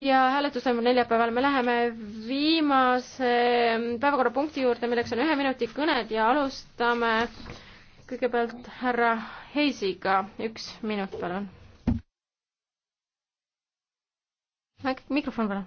ja hääletus toimub neljapäeval. me läheme viimase päevakorrapunkti juurde, milleks on ühe minuti kõned ja alustame kõigepealt härra Heisiga. üks minut, palun. mikrofon, palun.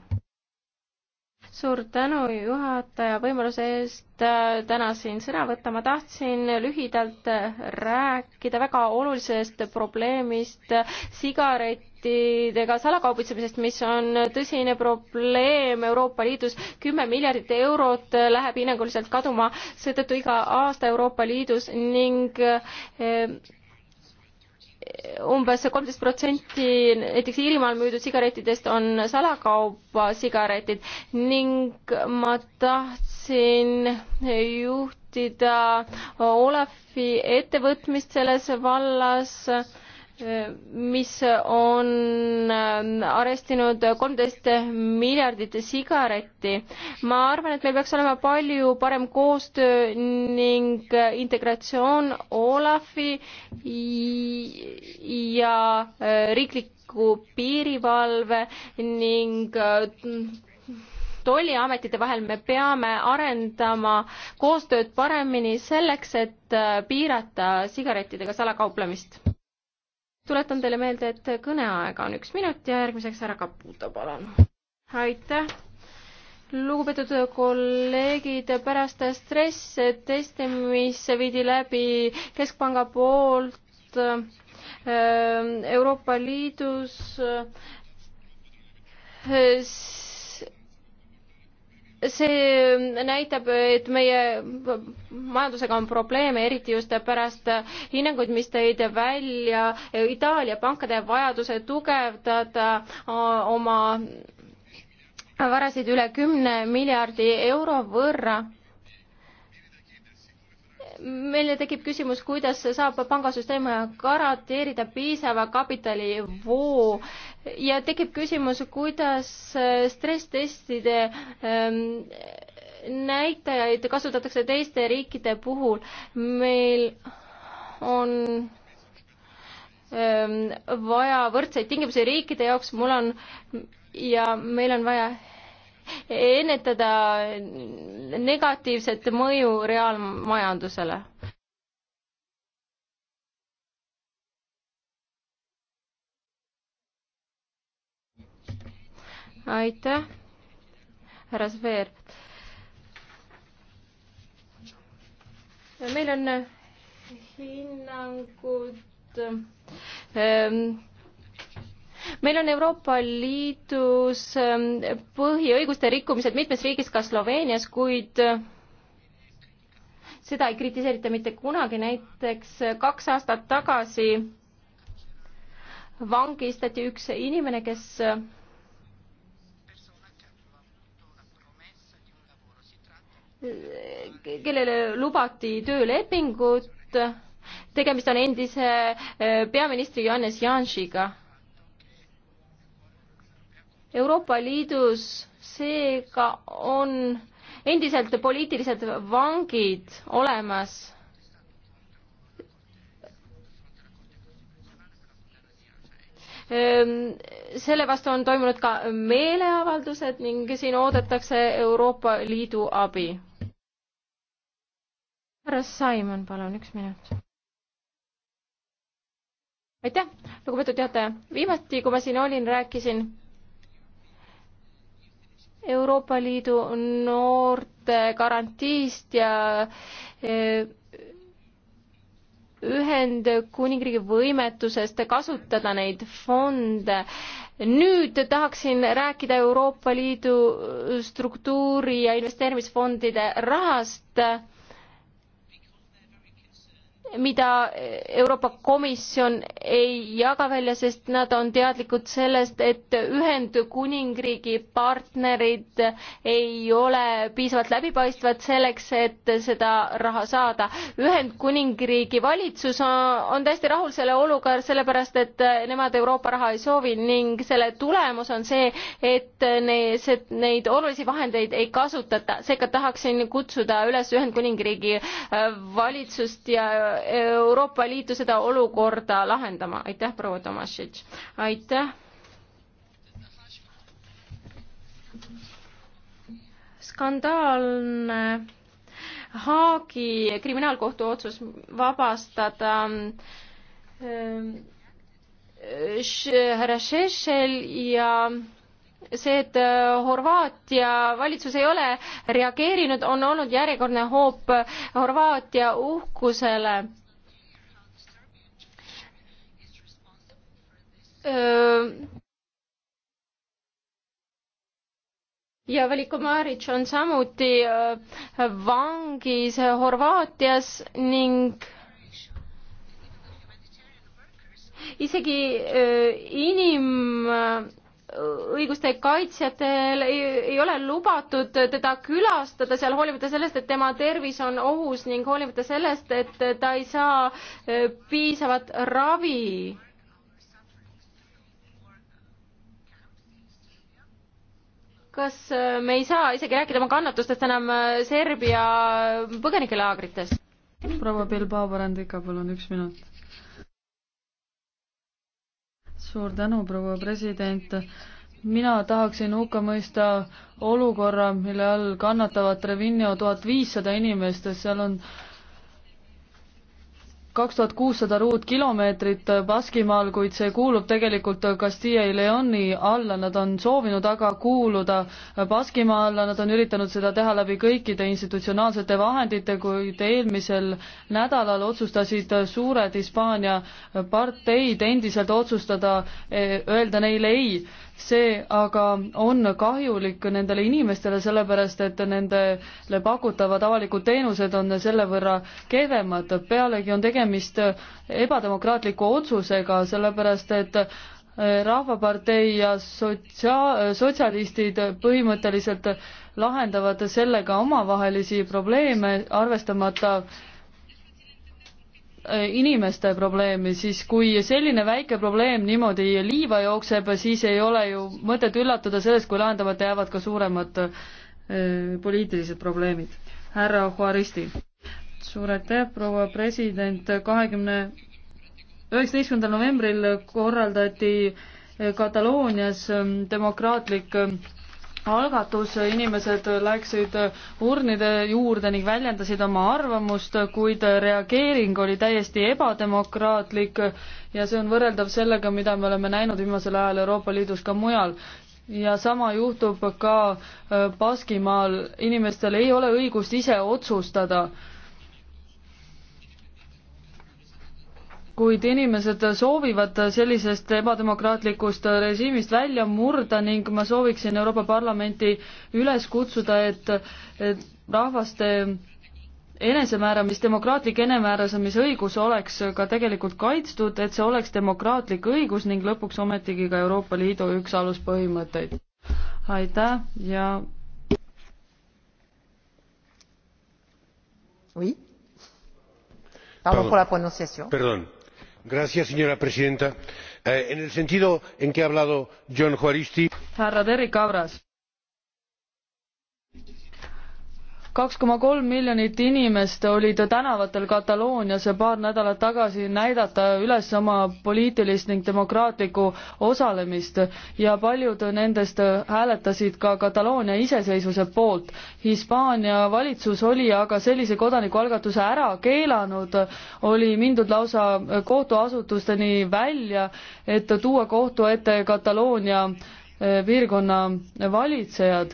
suur tänu juhataja võimaluse eest äh, täna siin sõna võtta. ma tahtsin lühidalt äh, rääkida väga olulisest probleemist äh, sigaret patentidega salakaubitsemisest, mis on tõsine probleem Euroopa Liidus. kümme miljardit eurot läheb hinnanguliselt kaduma seetõttu iga aasta Euroopa Liidus ning eh, umbes kolmteist protsenti näiteks Iirimaal müüdud sigarettidest on salakaubasigaretid ning ma tahtsin juhtida Olafi ettevõtmist selles vallas mis on äh, arestinud kolmteist miljardit sigaretti. ma arvan, et meil peaks olema palju parem koostöö ning integratsioon Olafi ja äh, riikliku piirivalve ning äh, tolliametite vahel me peame arendama koostööd paremini selleks, et piirata sigarettidega salakauplemist tuletan teile meelde, et kõneaega on üks minut ja järgmiseks härra Kaputo, palun. aitäh lugupeetud kolleegid, pärast stress-teste, mis viidi läbi Keskpanga poolt äh, Euroopa Liidus, äh, see näitab, et meie majandusega on probleeme, eriti just pärast hinnanguid, mis tõid välja Itaalia pankade vajaduse tugevdada äh, oma varasid üle kümne miljardi euro võrra meile tekib küsimus, kuidas saab pangasüsteem garanteerida piisava kapitalivoo ja tekib küsimus, kuidas äh, stress-testide ähm, näitajaid kasutatakse teiste riikide puhul. meil on ähm, vaja võrdseid tingimusi riikide jaoks, mul on ja meil on vaja ennetada negatiivset mõju reaalmajandusele aitäh, härra Sveer. meil on äh, hinnangud ähm, meil on Euroopa Liidus ähm, põhiõiguste rikkumised mitmes riigis, ka Sloveenias, kuid äh, seda ei kritiseerita mitte kunagi, näiteks äh, kaks aastat tagasi vangistati üks inimene, kes kellele lubati töölepingut. tegemist on endise eh, peaministri Johannes Janšiga. Euroopa Liidus seega on endiselt poliitilised vangid olemas ehm, selle vastu on toimunud ka meeleavaldused ning siin oodatakse Euroopa Liidu abi härra Simon, palun, üks minut. aitäh, lugupeetud juhataja. viimati, kui ma siin olin, rääkisin Euroopa Liidu noorte garantiist ja eh, Ühendkuningriigi võimetusest kasutada neid fonde. nüüd tahaksin rääkida Euroopa Liidu struktuuri ja investeerimisfondide rahast mida Euroopa Komisjon ei jaga välja, sest nad on teadlikud sellest, et Ühendkuningriigi partnerid ei ole piisavalt läbipaistvad selleks, et seda raha saada. Ühendkuningriigi valitsus on täiesti rahul selle olukorra, sellepärast et nemad Euroopa raha ei soovi ning selle tulemus on see, et neid, neid olulisi vahendeid ei kasutata. seega tahaksin kutsuda üles Ühendkuningriigi äh, valitsust ja Euroopa Liitu seda olukorda lahendama. aitäh, proua Tomašitš. aitäh. skandaalne Haagi kriminaalkohtu otsus vabastada härra ähm, äh, Šešel ja see, et äh, Horvaatia valitsus ei ole reageerinud, on olnud järjekordne hoop äh, Horvaatia uhkusele äh, ja Veliko Maric on samuti vangis Horvaatias ning isegi inim õiguste kaitsjatel ei, ei ole lubatud teda külastada seal hoolimata sellest, et tema tervis on ohus ning hoolimata sellest, et ta ei saa eh, piisavat ravi. kas eh, me ei saa isegi rääkida oma kannatustest enam eh, Serbia põgenikelaagrites? proua Bilbao Barandika, palun üks minut suur tänu, proua president. mina tahaksin hukka mõista olukorra, mille all kannatavad Trevinio tuhat viissada inimest, seal on äh, kaks tuhat kuussada ruutkilomeetrit Baskimaal, kuid see kuulub tegelikult Castilla y Leoni alla, nad on soovinud aga kuuluda Baskimaa alla, nad on üritanud seda teha läbi kõikide institutsionaalsete vahendite, kuid eelmisel nädalal otsustasid suured Hispaania parteid endiselt otsustada, eh, öelda neile ei see aga on kahjulik nendele inimestele, sellepärast et nendele pakutavad avalikud teenused on selle võrra kehvemad. pealegi on tegemist ebademokraatliku otsusega, sellepärast et eh, Rahvapartei ja sotsia-, sotsialistid põhimõtteliselt lahendavad sellega omavahelisi probleeme, arvestamata Äh, inimeste probleemi, siis kui selline väike probleem niimoodi liiva jookseb, siis ei ole ju mõtet üllatuda sellest, kui lahendamata jäävad ka suuremad äh, poliitilised probleemid. härra Juaristi. suur aitäh, proua president, kahekümne üheksateistkümnendal novembril korraldati äh, Kataloonias ähm, demokraatlik ähm, algatus, inimesed läksid urnide juurde ning väljendasid oma arvamust, kuid reageering oli täiesti ebademokraatlik ja see on võrreldav sellega, mida me oleme näinud viimasel ajal Euroopa Liidus ka mujal ja sama juhtub ka Baskimaal, inimestel ei ole õigust ise otsustada kuid inimesed soovivad sellisest ebademokraatlikust režiimist välja murda ning ma sooviksin Euroopa Parlamenti üles kutsuda, et rahvaste enesemääramis, demokraatlik enemäärasamisõigus oleks ka tegelikult kaitstud, et see oleks demokraatlik õigus ning lõpuks ometigi ka Euroopa Liidu üks aluspõhimõtteid. aitäh ja. Oui. Pardon pour la prononciation. Pardon señora presidenta eh, en el sentido en que ha hablado jon juaristi kaks koma kolm miljonit inimest olid tänavatel Kataloonias paar nädalat tagasi näidata üles oma poliitilist ning demokraatlikku osalemist ja paljud nendest hääletasid ka Kataloonia iseseisvuse poolt. Hispaania valitsus oli aga sellise kodanikualgatuse ära keelanud, oli mindud lausa kohtuasutusteni välja, et tuua kohtu ette Kataloonia eh, piirkonna valitsejad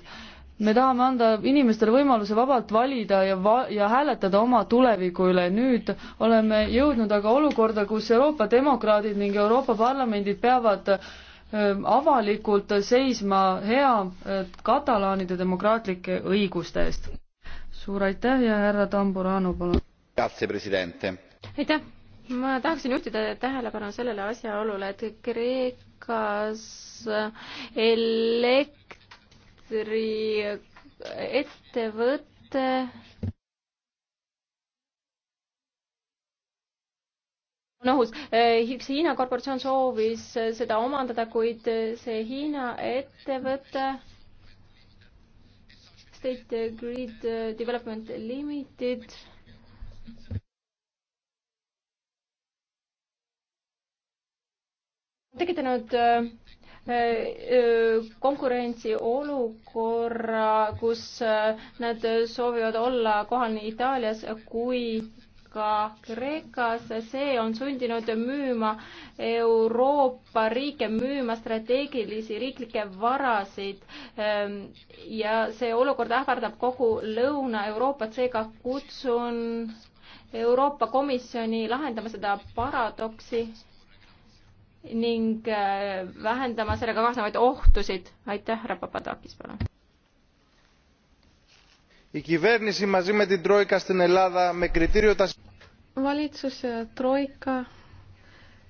me tahame anda inimestele võimaluse vabalt valida ja va-, ja hääletada oma tuleviku üle. nüüd oleme jõudnud aga olukorda, kus Euroopa demokraadid ning Euroopa parlamendid peavad avalikult seisma hea katalaanide demokraatlike õiguste eest. suur aitäh ja härra Tamburano, palun. aitäh, ma tahaksin juhtida tähelepanu sellele asjaolule, et Kreekas elekt-, elektri ettevõte on ohus. üks eh, Hiina korporatsioon soovis seda omandada, kuid see Hiina ettevõte State Grid Development Limited tekitanud eh, konkurentsiolukorra, kus äh, nad soovivad olla kohal nii Itaalias kui ka Kreekas, see on sundinud müüma Euroopa riike, müüma strateegilisi riiklikke varasid. Ähm, ja see olukord ähvardab kogu Lõuna-Euroopat, seega kutsun Euroopa Komisjoni lahendama seda paradoksi ning äh, vähendama sellega kaasnevaid ohtusid. aitäh, härra Papadakis, palun. valitsus ja äh, troika,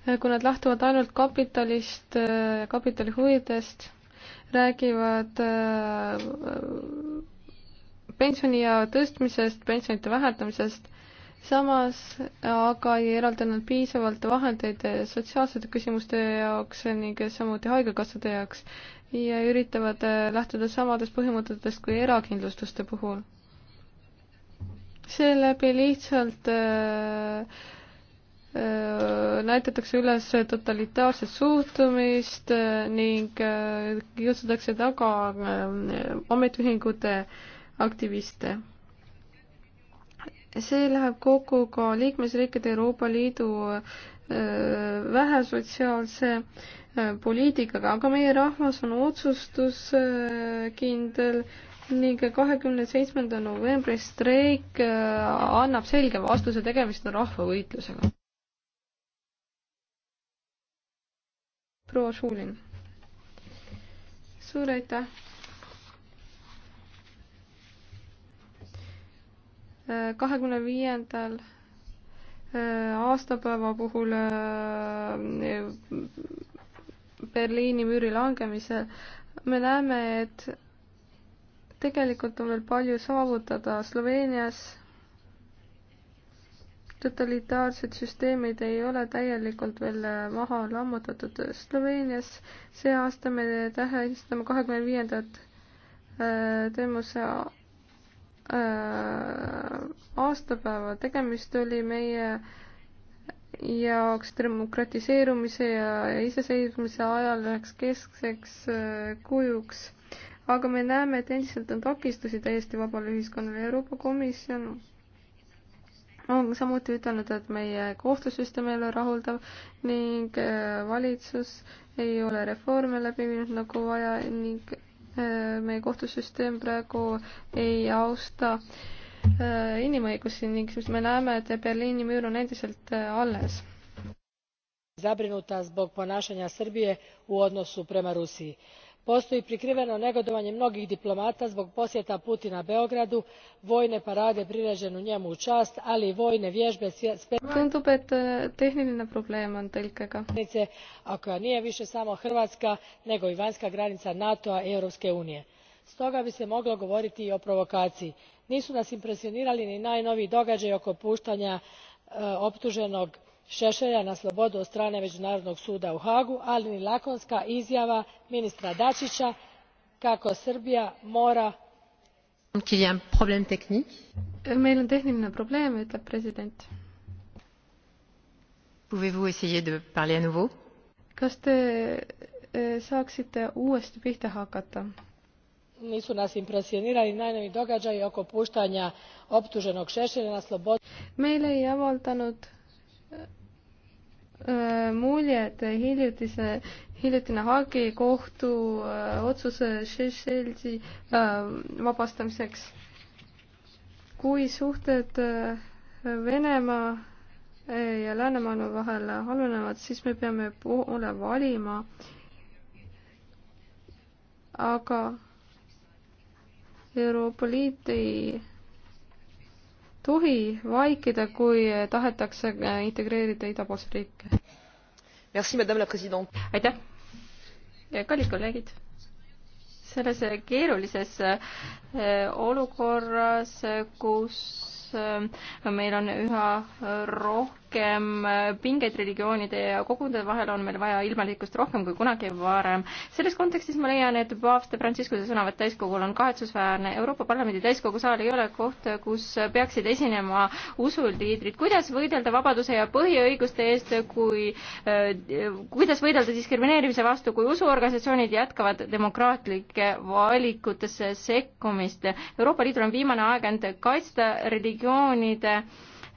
äh, kui nad lähtuvad ainult kapitalist, kapitali huvidest, räägivad pensioniea tõstmisest, pensionite vähendamisest samas aga ei eraldanud piisavalt vahendeid sotsiaalsete küsimuste jaoks ning samuti haigekassade jaoks ja üritavad lähtuda samadest põhimõtetest kui erakindlustuste puhul. seeläbi lihtsalt äh, äh näidatakse üles totalitaarset suhtumist ning kiusatakse äh, taga äh, ametiühingute aktiviste see läheb kokku ka liikmesriikide Euroopa Liidu vähesotsiaalse poliitikaga, aga meie rahvas on otsustuskindel ning kahekümne seitsmenda novembri streik annab selge vastuse, tegemist on rahvavõitlusega. proua Šulin. suur aitäh! kahekümne viiendal äh, aastapäeva puhul äh, Berliini müüri langemisel me näeme, et tegelikult on veel palju saavutada Sloveenias. totalitaarsed süsteemid ei ole täielikult veel äh, maha lammutatud. Sloveenias see aasta me tähistame kahekümne viiendat Demose Äh, aastapäeva tegemist oli meie jaoks demokratiseerumise ja iseseisvumise ajal üheks keskseks äh, kujuks. aga me näeme, et endiselt on takistusi täiesti vabale ühiskonnale. Euroopa Komisjon on samuti ütelnud, et meie kohtusüsteem ei ole rahuldav ning äh, valitsus ei ole reforme läbi viinud nagu vaja ning Äh, meie kohtusüsteem praegu ei austa äh, inimõigusi ning siis me näeme, et Berliini müür on endiselt äh, alles. zabrinuta zbog ponašanja Srbije u odnosu prema Rusiji postoji prikriveno negodovanje mnogih diplomata zbog posjeta putina beogradu vojne parade priređene njemu u čast ali i vojne vježbe specijalne e, a koja nije više samo hrvatska nego i vanjska granica nato a i europske unije. stoga bi se moglo govoriti i o provokaciji. nisu nas impresionirali ni najnoviji događaji oko puštanja e, optuženog šešelja na slobodu od strane međunarodnog suda u haagu ali ni lakonska izjava ministra dačića kako srbija mora meil on tehniline probleem ütleb president kas te euh, saaksite uuesti pihta hakata nisu nas impresionirali najnoviji događaji oko puštanja optuženog šešelja na slobodu. meile ei avaldanud Äh, muljed hiljutise, hiljutine Haagi kohtu äh, otsuse Šešelsi äh, vabastamiseks. kui suhted Venemaa ja läänemaailma vahel halvenevad, siis me peame poole valima. aga Euroopa Liit ei tohi vaikida, kui tahetakse integreerida idapoolseid riike. aitäh! kallid kolleegid! selles keerulises eh, olukorras, kus Äh, meil on üha rohkem pingeid religioonide ja kogude vahel, on meil vaja ilmalikkust rohkem kui kunagi varem. selles kontekstis ma leian, et paavst Franciscuse sõnavõtt täiskogul on kahetsusväärne. Euroopa Parlamendi täiskogu saal ei ole koht, kus peaksid esinema usuliidrid. kuidas võidelda vabaduse ja põhiõiguste eest, kui, äh, kuidas võidelda diskrimineerimise vastu, kui usuorganisatsioonid jätkavad demokraatlike valikutesse sekkumist? Euroopa Liidul on viimane aeg end kaitsta religi-, regioonide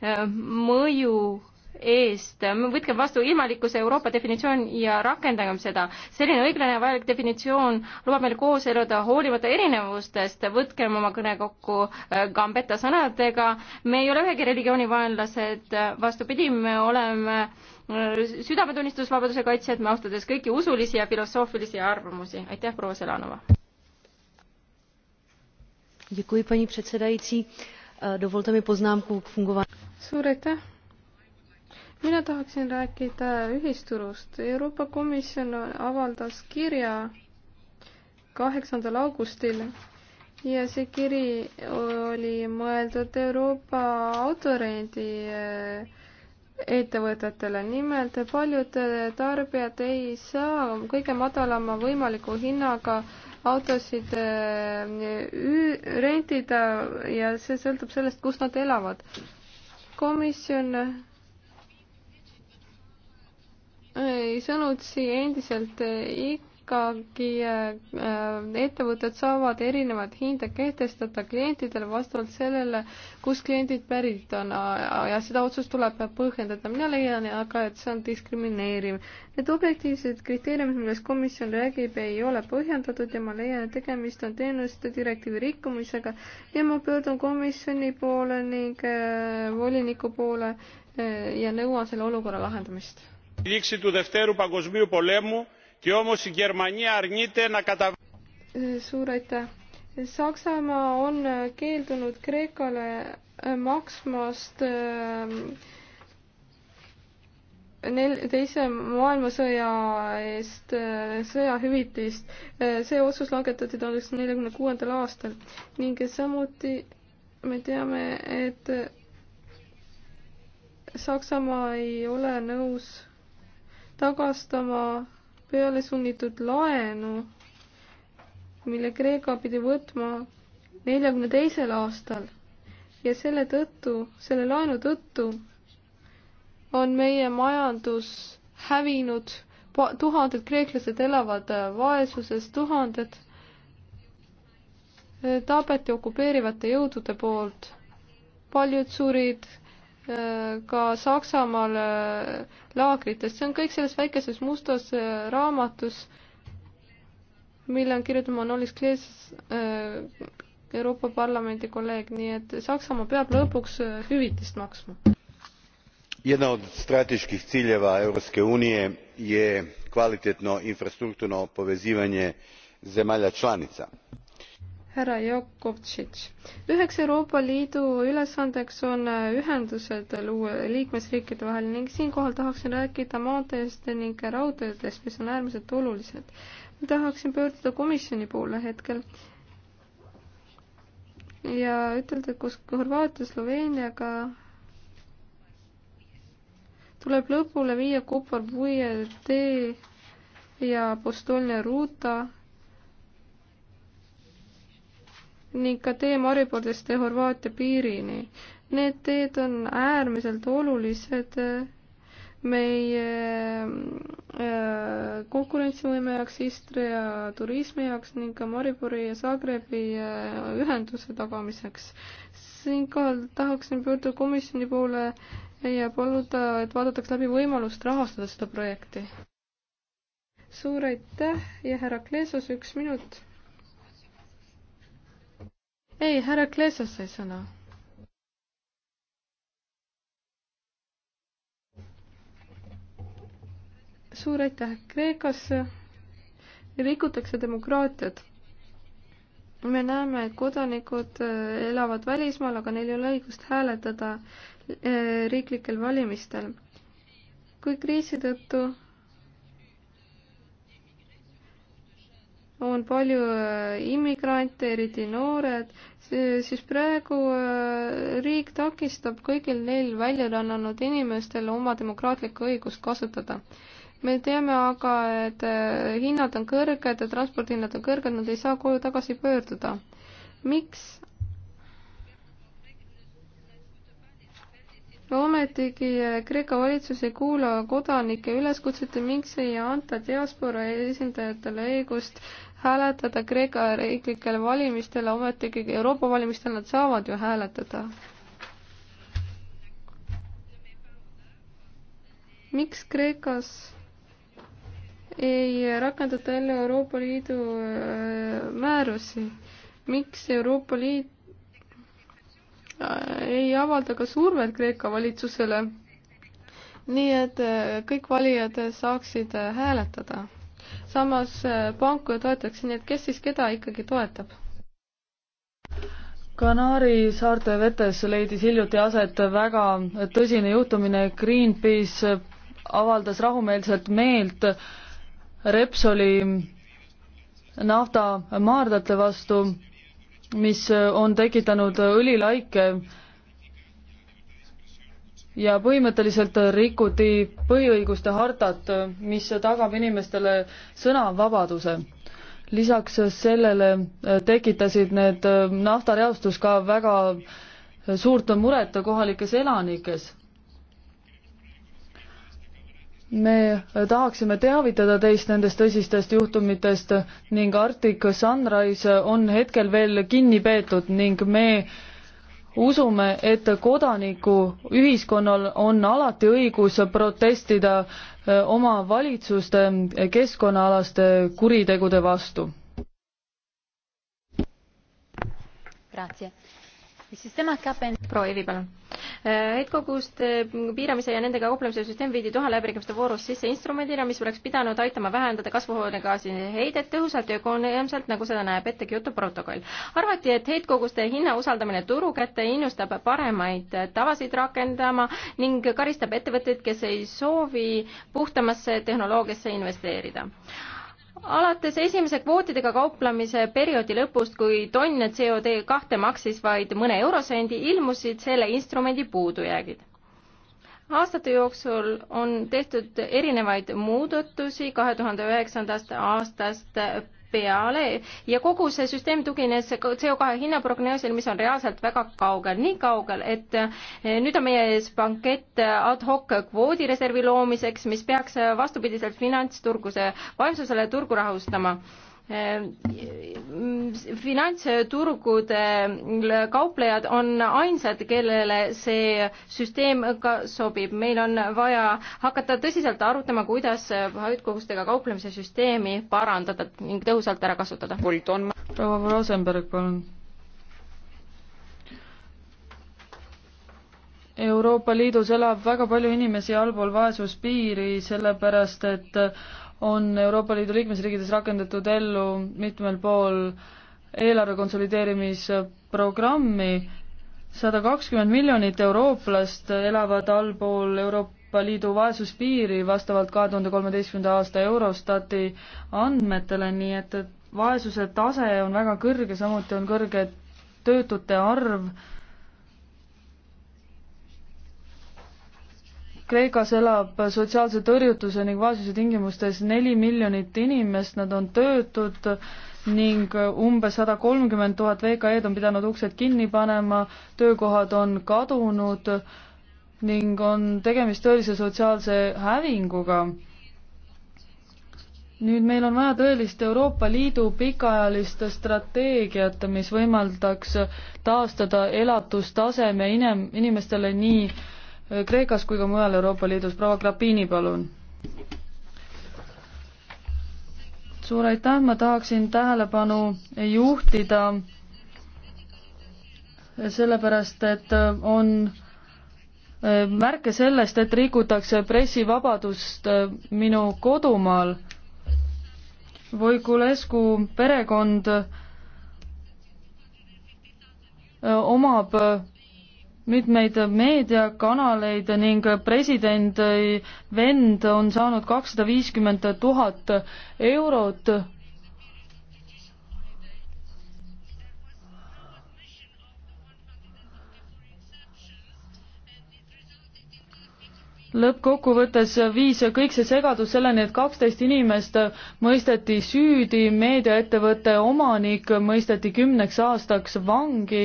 äh, mõju eest. võtkem vastu ilmalikkuse Euroopa definitsioon ja rakendagem seda. selline õiglane ja vajalik definitsioon lubab meil koos eluda hoolimata erinevustest. võtkem oma kõne kokku äh, Gambetta sõnadega. me ei ole ühegi religiooni vaenlased, vastupidi, me oleme äh, südametunnistusvabaduse kaitsjad, me austades kõiki usulisi ja filosoofilisi arvamusi. aitäh, proua Selanova! Děkuji, paní předsedající Eh, dovolte mi poznámku k fungování. suur aitäh. mina tahaksin rääkida ühisturust. Euroopa Komisjon avaldas kirja kaheksandal augustil ja see kiri oli mõeldud Euroopa autorendi eh, ettevõtetele. nimelt paljud tarbijad ei saa kõige madalama võimaliku hinnaga äh, autosid äh, rentida ja see sõltub sellest, kus nad elavad. komisjon äh, sõnutsi endiselt ik-, äh, ikkagi äh, ettevõtted saavad erinevaid hinde kehtestada klientidele vastavalt sellele, kust kliendid pärit on ja seda otsust tuleb põhjendada. mina leian aga, et see on diskrimineeriv. Need objektiivsed kriteeriumid, millest komisjon räägib, ei ole põhjendatud ja ma leian, et tegemist on teenuste direktiivi rikkumisega ja ma pöördun komisjoni poole ning äh, voliniku poole äh, ja nõuan selle olukorra lahendamist. λήξη του Δευτέρου Παγκοσμίου Πολέμου suur aitäh! Saksamaa on keeldunud Kreekale maksmast nel-, teise maailmasõja eest sõjahüvitist. see otsus langetati tuhande üheksasaja neljakümne kuuendal aastal ning samuti me teame, et Saksamaa ei ole nõus tagastama pealesunnitud laenu, mille Kreeka pidi võtma neljakümne teisel aastal ja selle tõttu, selle laenu tõttu on meie majandus hävinud, tuhanded kreeklased elavad äh, vaesuses, tuhanded äh, tapeti okupeerivate jõudude poolt, paljud surid Äh, ka Saksamaal äh, laagrites, see on kõik selles väikeses mustas äh, raamatus, mille on kirjutanud Manolis Klees, Euroopa Parlamendi kolleeg, nii et Saksamaa peab lõpuks hüvitist maksma. jedna od strateških ciljeva europske unije je kvalitetno infrastrukturno povezivanje zemalja članica härra Jokovtšitš. üheks Euroopa Liidu ülesandeks on äh, ühendused luua liikmesriikide vahel ning siinkohal tahaksin rääkida maanteest ning raudteedest, mis on äärmiselt olulised. ma tahaksin pöörduda komisjoni poole hetkel ja ütelda, kus Horvaatia Sloveeniaga tuleb lõpule viia Kopar-Puie tee ja Postolne ruuta ning ka tee Mariborist ja Horvaatia piirini. Need teed on äärmiselt olulised eh, meie eh, konkurentsivõime jaoks, Istria turismi jaoks ning ka Maribori ja Zagrebi eh, ühenduse tagamiseks. siinkohal tahaksin pöörduda komisjoni poole ja paluda, et vaadataks läbi võimalust rahastada seda projekti. suur aitäh ja härra Kleesos, üks minut ei, härra Kleesas sai sõna. suur aitäh, Kreekas rikutakse demokraatiat. me näeme, et kodanikud äh, elavad välismaal, aga neil ei ole õigust hääletada äh, riiklikel valimistel. kui kriisi tõttu on palju äh, immigrante, eriti noored, siis praegu äh, riik takistab kõigil neil välja rännanud inimestel oma demokraatlikku õigust kasutada. me teame aga, et äh, hinnad on kõrged ja transpordihinnad on kõrged, nad ei saa koju tagasi pöörduda. miks ometigi eh, Kreeka valitsus ei kuula kodanike üleskutset ja miks ei anta diaspora esindajatele õigust hääletada Kreeka riiklikel valimistel, ometigi Euroopa valimistel nad saavad ju hääletada? miks Kreekas ei rakendata ellu Euroopa Liidu eh, määrusi? miks Euroopa Liit Äh, ei avalda ka survet Kreeka valitsusele, nii et äh, kõik valijad saaksid äh, hääletada. samas panku toetatakse, nii et kes siis keda ikkagi toetab? Kanaari saarte vetes leidis hiljuti aset väga tõsine juhtumine, Greenpeace avaldas rahumeelselt meelt Repsoli naftamaardlate vastu mis äh, on tekitanud äh, õlilaike ja põhimõtteliselt äh, rikuti põhiõiguste hartat, mis tagab inimestele sõnavabaduse. lisaks sellele tekitasid need naftareostus ka väga suurt muret kohalikes elanikes me tahaksime teavitada teist nendest tõsistest juhtumitest ning Arctic Sunrise on hetkel veel kinni peetud ning me usume, et kodanikuühiskonnal on alati õigus protestida eh, oma valitsuste eh, keskkonnaalaste kuritegude vastu. Grazie proua Evi, palun. Äh, heitkoguste äh, piiramise ja nendega kauplemise süsteem viidi Doha läbirääkimiste voorus sisse instrumendina, mis oleks pidanud aitama vähendada kasvuhoonegaasi heidet tõhusalt ja ökonoomselt, nagu seda näeb ette Kyoto protokoll. arvati, et heitkoguste hinna usaldamine turu kätte innustab paremaid tavasid rakendama ning karistab ettevõtteid, kes ei soovi puhtamasse tehnoloogiasse investeerida alates esimese kvootidega kauplemise perioodi lõpust, kui tonn CO2 kahte maksis vaid mõne eurosendi, ilmusid selle instrumendi puudujäägid. aastate jooksul on tehtud erinevaid muudatusi kahe tuhande üheksandast aastast peale ja kogu see süsteem tugines CO2 hinnaprognoosil, mis on reaalselt väga kaugel, nii kaugel, et eh, nüüd on meie ees bankett ad hoc kvoodireservi loomiseks, mis peaks vastupidiselt finantsturguse vaesusele turgu rahustama finantsturgudel kauplejad on ainsad, kellele see süsteem ka sobib. meil on vaja hakata tõsiselt arutama, kuidas hajutkohustega kauplemise süsteemi parandada ning tõhusalt ära kasutada. proua Rosenberg, palun. Euroopa Liidus elab väga palju inimesi allpool vaesuspiiri, sellepärast et äh, on Euroopa Liidu liikmesriikides rakendatud ellu mitmel pool eelarve konsolideerimisprogrammi, sada kakskümmend miljonit eurooplast elavad allpool Euroopa Liidu vaesuspiiri vastavalt kahe tuhande kolmeteistkümnenda aasta Eurostati andmetele, nii et vaesuse tase on väga kõrge, samuti on kõrge töötute arv Kreekas elab sotsiaalse tõrjutuse ning vaesuse tingimustes neli miljonit inimest, nad on töötud ning umbes sada kolmkümmend tuhat VKE-d on pidanud uksed kinni panema, töökohad on kadunud ning on tegemist tõelise sotsiaalse hävinguga. nüüd meil on vaja tõelist Euroopa Liidu pikaajalist strateegiat, mis võimaldaks taastada elatustaseme inim-, inimestele nii äh, Kreekas kui ka mujal Euroopa Liidus. proua Grapini, palun. suur aitäh, ma tahaksin tähelepanu juhtida sellepärast, et on märke sellest, et rikutakse pressivabadust minu kodumaal. Voikulescu perekond omab mitmeid meediakanaleid ning president vend on saanud kakssada viiskümmend tuhat eurot lõppkokkuvõttes viis kõik see segadus selleni, et kaksteist inimest mõisteti süüdi, meediaettevõtte omanik mõisteti kümneks aastaks vangi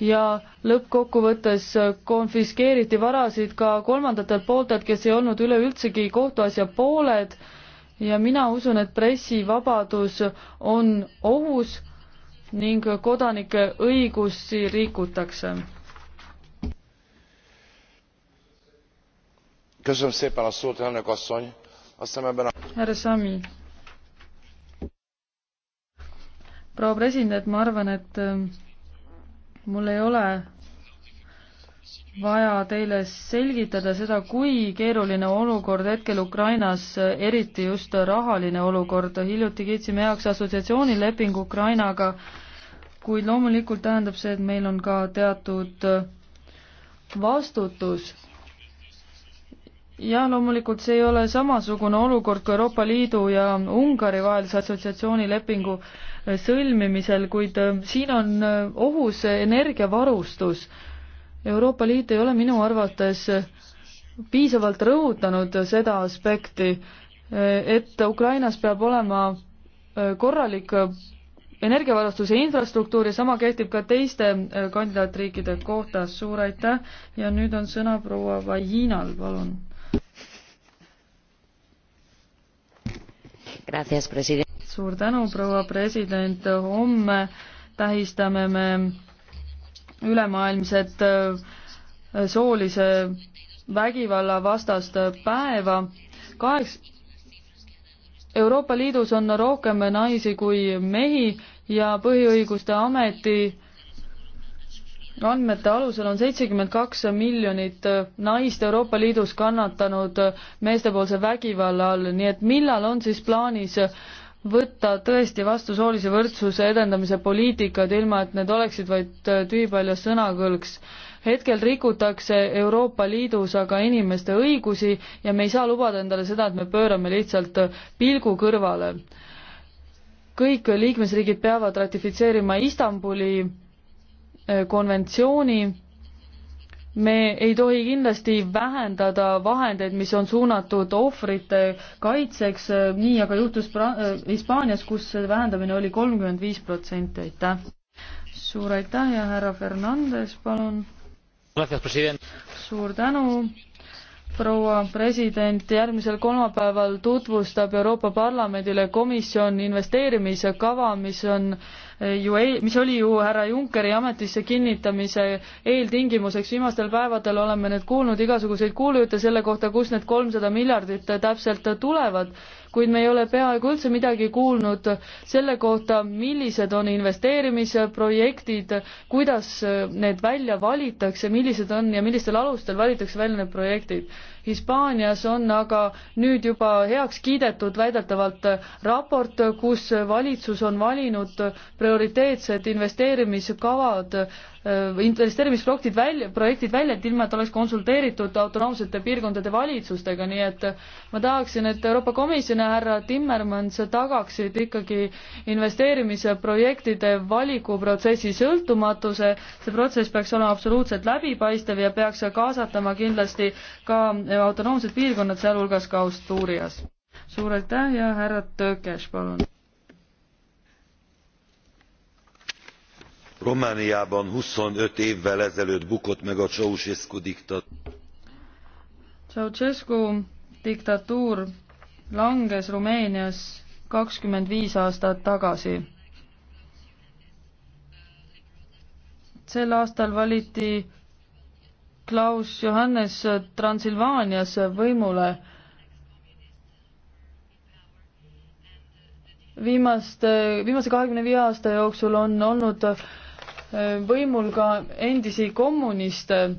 ja lõppkokkuvõttes konfiskeeriti varasid ka kolmandatelt pooltelt, kes ei olnud üleüldsegi kohtuasja pooled ja mina usun, et pressivabadus on ohus ning kodanike õigusi rikutakse. härra Sami. proua president, ma arvan, et mul ei ole vaja teile selgitada seda, kui keeruline olukord hetkel Ukrainas, eriti just rahaline olukord. hiljuti kiitsime heaks assotsiatsioonilepingu Ukrainaga, kuid loomulikult tähendab see, et meil on ka teatud vastutus. ja loomulikult see ei ole samasugune olukord kui Euroopa Liidu ja Ungari vahelise assotsiatsioonilepingu sõlmimisel, kuid äh, siin on äh, ohus energiavarustus. Euroopa Liit ei ole minu arvates piisavalt rõhutanud seda aspekti, äh, et Ukrainas peab olema korralik energiavarustuse infrastruktuur ja sama kehtib ka teiste kandidaatriikide kohta. suur aitäh ja nüüd on sõna proua Vahinal, palun suur tänu, proua president, homme tähistame me ülemaailmset äh, soolise vägivalla vastast päeva. kaheks, Euroopa Liidus on rohkem naisi kui mehi ja Põhiõiguste Ameti andmete alusel on seitsekümmend kaks miljonit äh, naist Euroopa Liidus kannatanud meestepoolse vägivalla all, nii et millal on siis plaanis võtta tõesti vastu soolise võrdsuse edendamise poliitikad, ilma et need oleksid vaid äh, tühipaljas sõnakõlks. hetkel rikutakse Euroopa Liidus aga inimeste õigusi ja me ei saa lubada endale seda, et me pöörame lihtsalt äh, pilgu kõrvale. kõik liikmesriigid peavad ratifitseerima Istanbuli äh, konventsiooni me ei tohi kindlasti vähendada vahendeid, mis on suunatud ohvrite kaitseks, nii aga juhtus Hispaanias, kus vähendamine oli kolmkümmend viis protsenti, aitäh. suur aitäh ja härra Fernandes, palun. suur tänu, proua president, järgmisel kolmapäeval tutvustab Euroopa Parlamendile komisjon investeerimiskava, mis on äh, ju ei, mis oli ju härra Junckeri ametisse kinnitamise eeltingimuseks, viimastel päevadel oleme nüüd kuulnud igasuguseid kuulujutte selle kohta, kust need kolmsada miljardit täpselt tulevad kuid me ei ole peaaegu üldse midagi kuulnud selle kohta, millised on investeerimisprojektid, kuidas need välja valitakse, millised on ja millistel alustel valitakse välja need projektid. Hispaanias on aga nüüd juba heaks kiidetud väidetavalt raport, kus valitsus on valinud prioriteetsed investeerimiskavad Äh, investeerimisprojektid välja, projektid välja, et ilma, et oleks konsulteeritud autonoomsete piirkondade valitsustega, nii et ma tahaksin, et Euroopa Komisjon ja härra Timmermans tagaksid ikkagi investeerimisprojektide valikuprotsessi sõltumatuse, see protsess peaks olema absoluutselt läbipaistev ja peaks kaasatama kindlasti ka autonoomsed piirkonnad, sealhulgas ka Asturias. suur aitäh ja härra Tökes, palun! romániában twenty five évvel ezelőtt bukott meg a ceausescu diktatúra. ceausescu diktatuur langes rumeenias kakskümmend viis aastat tagasi. sel aastal valiti Klaus Johannes Transilvaanias võimule viimaste, viimase kahekümne viie aasta jooksul on olnud võimul ka endisi kommuniste.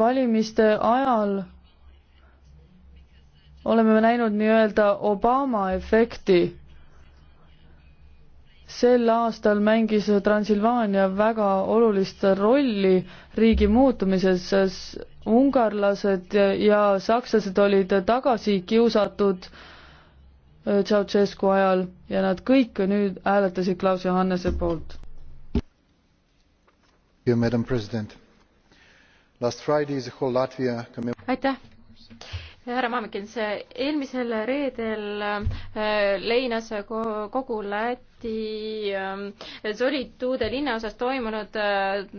valimiste ajal oleme me näinud nii-öelda Obama efekti. sel aastal mängis Transilvaania väga olulist rolli riigi muutumises, ungarlased ja, ja sakslased olid tagasi kiusatud äh, Äh, Ceausescu ajal ja nad kõik nüüd hääletasid Klaus Johannese poolt. aitäh, härra Maamikins, eelmisel reedel äh, leinas kogu Läti äh, Solitude linnaosas toimunud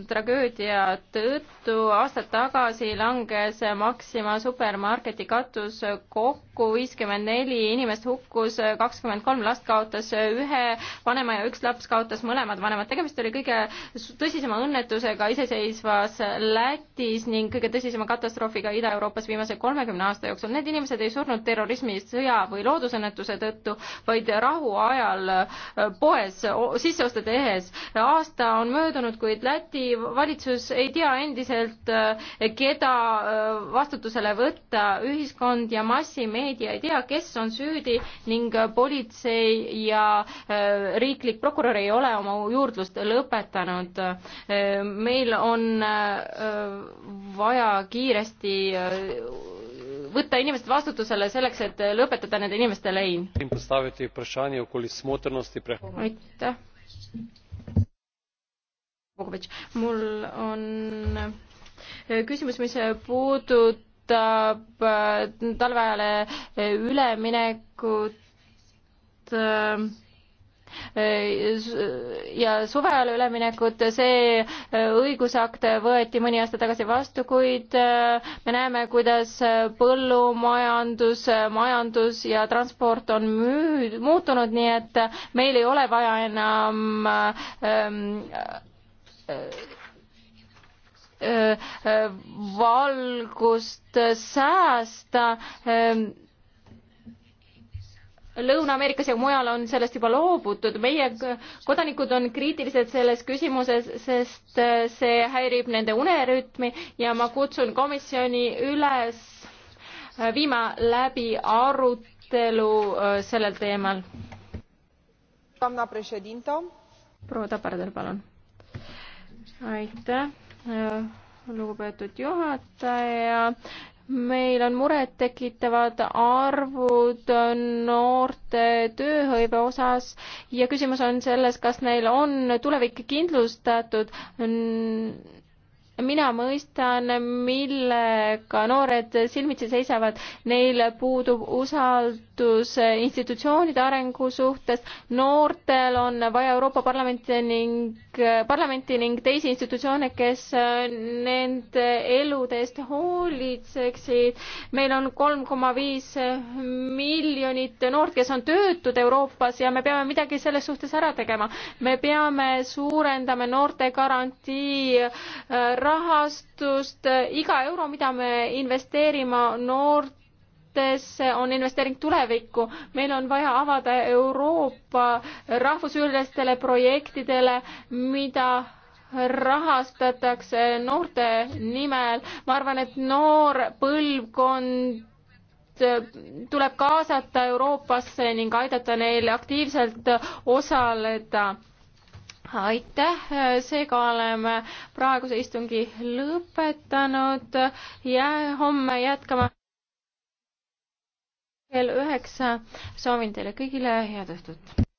tragöödia tõttu aasta tagasi langes Maxima supermarketi katus kokku hukku viiskümmend neli inimest hukkus, kakskümmend kolm last kaotas ühe vanema ja üks laps kaotas mõlemad vanemad. tegemist oli kõige tõsisema õnnetusega iseseisvas Lätis ning kõige tõsisema katastroofiga Ida-Euroopas viimase kolmekümne aasta jooksul. Need inimesed ei surnud terrorismi, sõja või loodusõnnetuse tõttu, vaid rahuajal äh, poes, sisseostude ehes. aasta on möödunud, kuid Läti valitsus ei tea endiselt, äh, keda äh, vastutusele võtta. ühiskond ja massimeedia meedia ei tea, kes on süüdi ning politsei ja äh, riiklik prokurör ei ole oma juurdlust lõpetanud. Äh, meil on äh, vaja kiiresti võtta inimesed vastutusele selleks, et lõpetada nende inimeste lein. aitäh. mul on küsimus, mis puudutab puudutab äh, talveajale äh, üleminekut äh, ja suveajale üleminekut, see õigusakt võeti mõni aasta tagasi vastu, kuid me näeme, kuidas põllumajandus, majandus ja transport on müü-, muutunud, nii et meil ei ole vaja enam ähm, äh, valgust säästa. Lõuna-Ameerikas ja mujal on sellest juba loobutud. meie kodanikud on kriitilised selles küsimuses, sest see häirib nende unerütmi ja ma kutsun komisjoni üles viima läbi arutelu äh, sellel teemal. proua Tapardel, palun. aitäh lugupeetud juhataja. meil on murettekitavad arvud noorte tööhõive osas ja küsimus on selles, kas neil on tulevik kindlustatud mina mõistan, millega noored silmitsi seisavad, neil puudub usaldus institutsioonide arengu suhtes, noortel on vaja Euroopa Parlamenti ning, parlamenti ning teisi institutsioone, kes nende elude eest hoolitseksid. meil on kolm koma viis miljonit noort, kes on töötud Euroopas ja me peame midagi selles suhtes ära tegema. me peame suurendama noorte garantii ra-, äh, rahastust, iga euro, mida me investeerime noortesse, on investeering tulevikku. meil on vaja avada Euroopa rahvusülestele projektidele, mida rahastatakse noorte nimel. ma arvan, et noor põlvkond tuleb kaasata Euroopasse ning aidata neil aktiivselt osaleda aitäh, seega oleme praeguse istungi lõpetanud ja homme jätkame kell üheksa. soovin teile kõigile head õhtut.